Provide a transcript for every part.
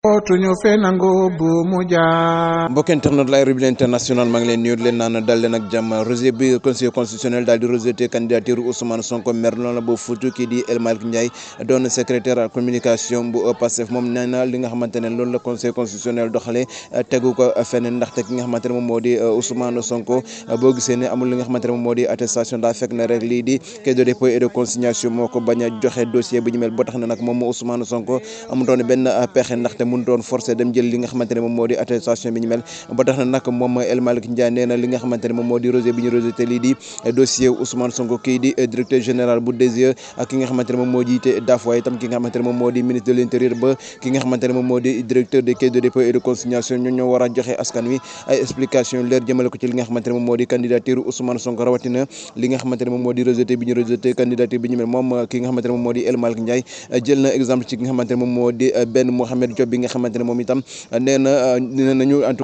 dootuñu fee nangu bu mu jaar. mbokk internet la Roby international maa ngi leen nuyu leen naan dal leen ak bi conseil constitutionnel daal di rejeté candidature Ousmane Sonko maire Nona bu Fuuta di El Malick Ndiaye doon secrétaire communication bu Pastef moom nee na li nga xamante ne la conseil constitutionnel doxalee tegu feneen ndaxte ki nga xamante ne moom moo di euh, Ousmane Sonko euh, boo gisee ne amul li nga xamante moo di attestation daa fekk na rek lii di caisse de dépôt et de consignation moo ko bañ a joxe dossier bi ñu mel ba mun doon forcé dem jël li nga xamante ne moom moo di mel ba tax na nag moom El Malick Ndiaye jël na exemple ci nga xamante ne moom benn Mohamed Diop nga xamante moom itam nee na nee nañu en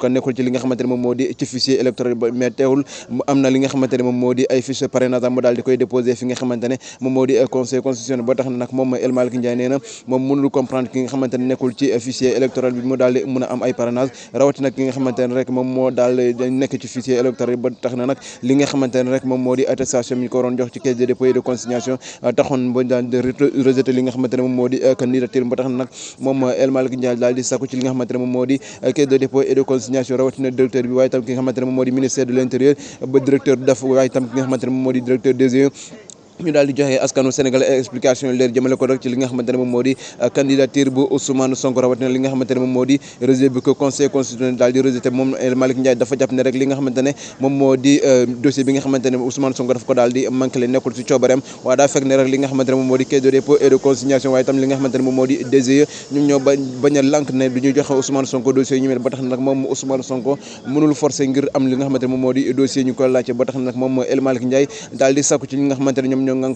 moom moo di ci fichier électoral moom daal di koy déposé fi nga xamante moom moo di ay parrainage rawati ki nga xamante rek moom moo di attestation bi ñu ko jox ci caisse de de consignation taxoon ba daal di li nga xamante moom moo di candidature ba tax na nag moom El Malick Ndiaye daal di sàkku ci li nga xamante ne moom moo di eh, caisse de dépôt et de directeur bi waaye tam ki nga xamante ne moom moo de l'intérieur ba directeur daf waaye tam ki nga xamante ne moom moo di directeur ñu daal di joxe askanu Sénégal explication leer jëmale ko rek ci li nga moom moo di euh, candidature bi que moom moo di euh, dossier bi nga xamante ba tax na nag moom moo El Malick Ndiaye daal di sàkku ci li nga ñoom ñoo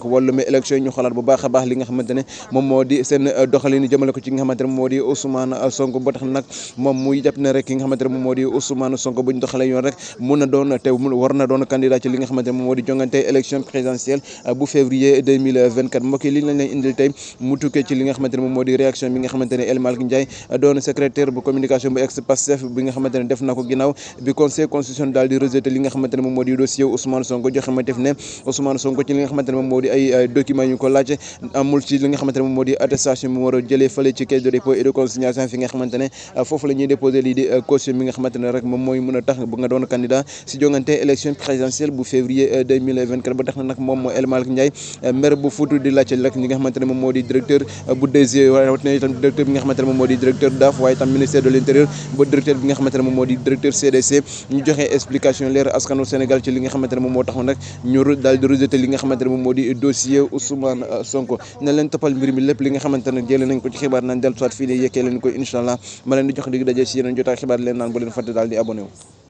jongante élection présidentielle euh, bu février 2024 mbokk li lañ indil tey mu tukkee ci li nga xamante moom moo di réaction bi nga xamante ne El euh, doon secrétaire bu communication bu ex Pastef bi nga xamante def na ko ginnaaw bi conseil constitutionnel daal di rejeté li nga xamante moo di dossier Ousmane Sonko joxe ma def ne Ousmane Sonko ci li nga xamante moom moo di ay documents ñu ko laaj amul ci li nga xamante moom moo di directeur euh, bu waaye rawatina ministère de l'intérieur ba directeur bi nga xamante moom moo di directeur CDC ñu joxe explication leer askanu Sénégal ci li nga xamante moom moo taxoon rek ñu daal di rejeté li nga xamante moom moo di euh, Sonko na leen toppal mbir mi lépp li nga xamante ne jëlee ko ci xibaar nañ dellu soit fii ne yekkee leen ko incha allah ma leen jox dig daje si yeneen jotaay xibaar leen naan bu leen fàtte daal di abonné